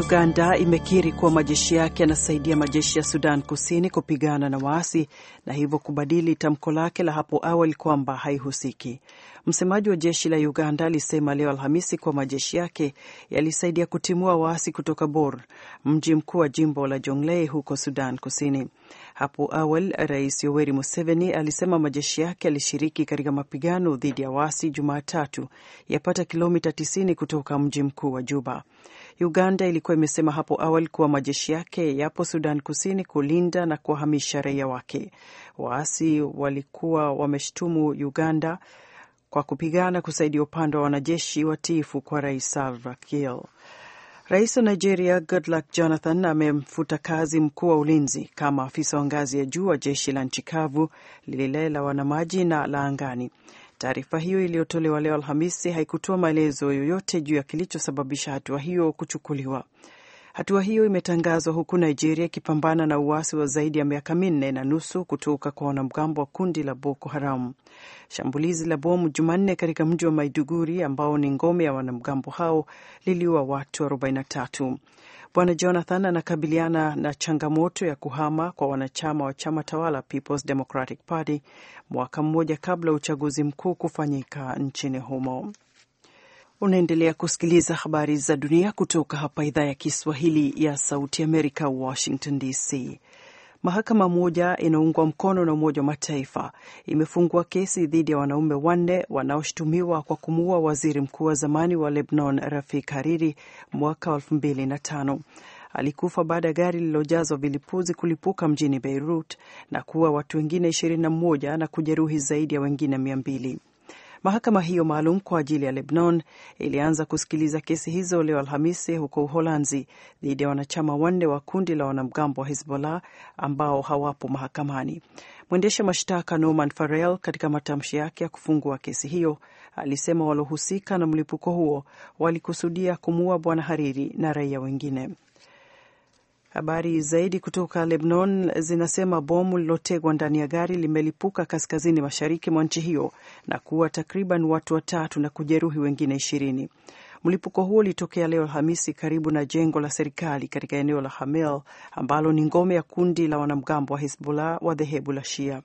Uganda imekiri kuwa majeshi yake yanasaidia majeshi ya Sudan Kusini kupigana na waasi na hivyo kubadili tamko lake la hapo awali kwamba haihusiki. Msemaji wa jeshi la Uganda alisema leo Alhamisi kuwa majeshi yake yalisaidia kutimua waasi kutoka Bor, mji mkuu wa jimbo la Jonglei huko Sudan Kusini. Hapo awali, Rais Yoweri Museveni alisema majeshi yake yalishiriki katika mapigano dhidi ya waasi Jumatatu, yapata kilomita 90 kutoka mji mkuu wa Juba. Uganda ilikuwa imesema hapo awali kuwa majeshi yake yapo Sudan Kusini kulinda na kuwahamisha raia wake. Waasi walikuwa wameshtumu Uganda kwa kupigana kusaidia upande wa wanajeshi watiifu kwa Rais Salva Kiir. Rais wa Nigeria Goodluck Jonathan amemfuta kazi mkuu wa ulinzi kama afisa wa ngazi ya juu wa jeshi la nchi kavu lile la wanamaji na la angani. Taarifa hiyo iliyotolewa leo Alhamisi haikutoa maelezo yoyote juu ya kilichosababisha hatua hiyo kuchukuliwa. Hatua hiyo imetangazwa huku Nigeria ikipambana na uasi wa zaidi ya miaka minne na nusu kutoka kwa wanamgambo wa kundi la Boko Haram. Shambulizi la bomu Jumanne katika mji wa Maiduguri ambao ni ngome ya wanamgambo hao liliua watu 43. Bwana Jonathan anakabiliana na changamoto ya kuhama kwa wanachama wa chama tawala Peoples Democratic Party mwaka mmoja kabla ya uchaguzi mkuu kufanyika nchini humo. Unaendelea kusikiliza habari za dunia kutoka hapa idhaa ya Kiswahili ya Sauti Amerika, Washington DC. Mahakama moja inaungwa mkono na Umoja wa Mataifa imefungua kesi dhidi ya wanaume wanne wanaoshutumiwa kwa kumuua waziri mkuu wa zamani wa Lebanon, Rafik Hariri mwaka 2005. Alikufa baada ya gari lililojazwa vilipuzi kulipuka mjini Beirut na kuua watu wengine 21 na kujeruhi zaidi ya wengine mbili. Mahakama hiyo maalum kwa ajili ya Lebanon ilianza kusikiliza kesi hizo leo Alhamisi huko Uholanzi dhidi ya wanachama wanne wa kundi la wanamgambo wa Hezbollah ambao hawapo mahakamani. Mwendesha mashtaka Norman Farrell katika matamshi yake ya kufungua kesi hiyo alisema waliohusika na mlipuko huo walikusudia kumuua Bwana Hariri na raia wengine. Habari zaidi kutoka Lebanon zinasema bomu lililotegwa ndani ya gari limelipuka kaskazini mashariki mwa nchi hiyo na kuwa takriban watu watatu na kujeruhi wengine ishirini. Mlipuko huo ulitokea leo Alhamisi karibu na jengo la serikali katika eneo la Hamel ambalo ni ngome ya kundi la wanamgambo wa Hizbullah wa dhehebu la Shia.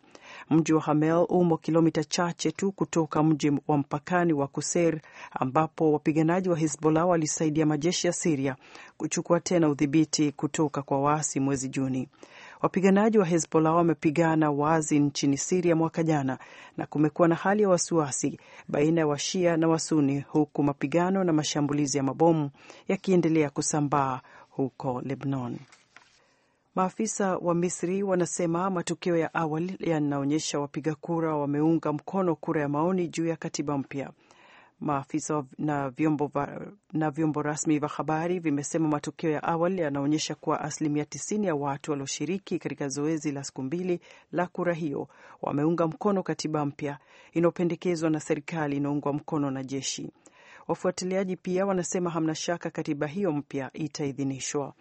Mji wa Hamel umo kilomita chache tu kutoka mji wa mpakani wa Kuser ambapo wapiganaji wa Hizbullah walisaidia majeshi ya Siria kuchukua tena udhibiti kutoka kwa waasi mwezi Juni. Wapiganaji wa Hezbollah wamepigana wazi nchini Siria mwaka jana na kumekuwa na hali ya wasiwasi baina ya Washia na Wasuni, huku mapigano na mashambulizi ya mabomu yakiendelea kusambaa huko Lebanon. Maafisa wa Misri wanasema matokeo ya awali yanaonyesha wapiga kura wameunga mkono kura ya maoni juu ya katiba mpya. Maafisa na vyombo, na vyombo rasmi vya habari vimesema matukio ya awali yanaonyesha kuwa asilimia 90 ya watu walioshiriki katika zoezi la siku mbili la kura hiyo wameunga mkono katiba mpya inayopendekezwa na serikali inaungwa mkono na jeshi. Wafuatiliaji pia wanasema hamna shaka katiba hiyo mpya itaidhinishwa.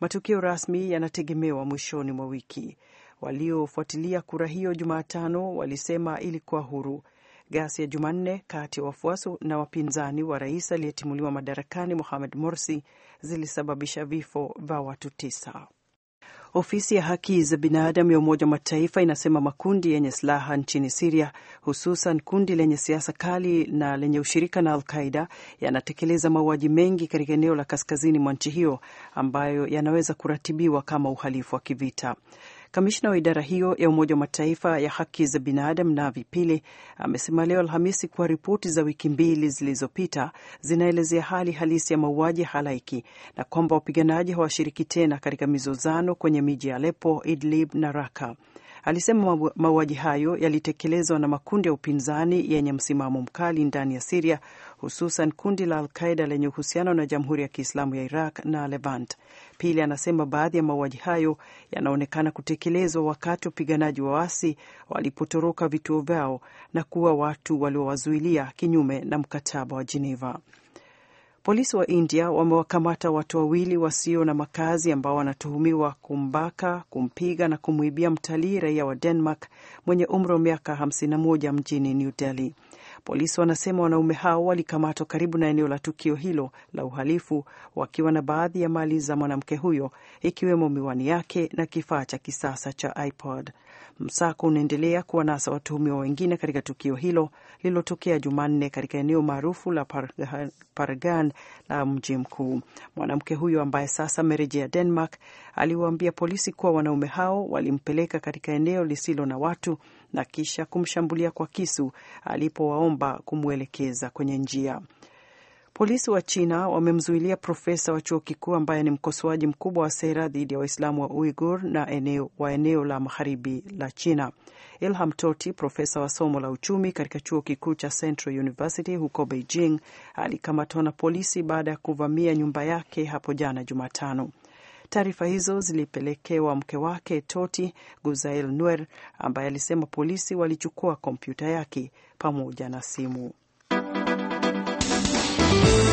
Matukio rasmi yanategemewa mwishoni mwa wiki. Waliofuatilia kura hiyo Jumatano walisema ilikuwa huru Ghasia ya Jumanne kati ya wafuasi na wapinzani wa rais aliyetimuliwa madarakani Mohamed Morsi zilisababisha vifo vya watu tisa. Ofisi ya haki za binadamu ya Umoja wa Mataifa inasema makundi yenye silaha nchini Siria, hususan kundi lenye siasa kali na lenye ushirika na Alqaida, yanatekeleza mauaji mengi katika eneo la kaskazini mwa nchi hiyo ambayo yanaweza kuratibiwa kama uhalifu wa kivita. Kamishna wa idara hiyo ya Umoja wa Mataifa ya haki za binadamu na vipili amesema leo Alhamisi kuwa ripoti za wiki mbili zilizopita zinaelezea hali halisi ya mauaji halaiki na kwamba wapiganaji hawashiriki tena katika mizozano kwenye miji ya Aleppo, Idlib na Raqqa alisema mauaji hayo yalitekelezwa na makundi ya upinzani yenye msimamo mkali ndani ya Siria, hususan kundi la Alqaida lenye uhusiano na Jamhuri ya Kiislamu ya Iraq na Levant. Pili, anasema baadhi ya mauaji hayo yanaonekana kutekelezwa wakati wapiganaji wa waasi walipotoroka vituo vyao na kuwa watu waliowazuilia kinyume na mkataba wa Jeneva. Polisi wa India wamewakamata watu wawili wasio na makazi ambao wanatuhumiwa kumbaka, kumpiga na kumwibia mtalii raia wa Denmark mwenye umri wa miaka 51 mjini New Delhi. Polisi wanasema wanaume hao walikamatwa karibu na eneo la tukio hilo la uhalifu wakiwa na baadhi ya mali za mwanamke huyo ikiwemo miwani yake na kifaa cha kisasa cha iPod. Msako unaendelea kuwanasa watuhumiwa wengine katika tukio hilo lililotokea Jumanne katika eneo maarufu la Paragan, Paragan la mji mkuu. Mwanamke huyo ambaye sasa amerejea Denmark aliwaambia polisi kuwa wanaume hao walimpeleka katika eneo lisilo na watu na kisha kumshambulia kwa kisu alipowaomba kumwelekeza kwenye njia. Polisi wa China wamemzuilia profesa wa chuo kikuu ambaye ni mkosoaji mkubwa wa sera dhidi ya Waislamu wa Uigur na eneo, wa eneo la magharibi la China. Ilham Toti, profesa wa somo la uchumi katika chuo kikuu cha Central University huko Beijing, alikamatwa na polisi baada ya kuvamia nyumba yake hapo jana Jumatano. Taarifa hizo zilipelekewa mke wake Toti, Guzael Nwer, ambaye alisema polisi walichukua kompyuta yake pamoja na simu. Thank you.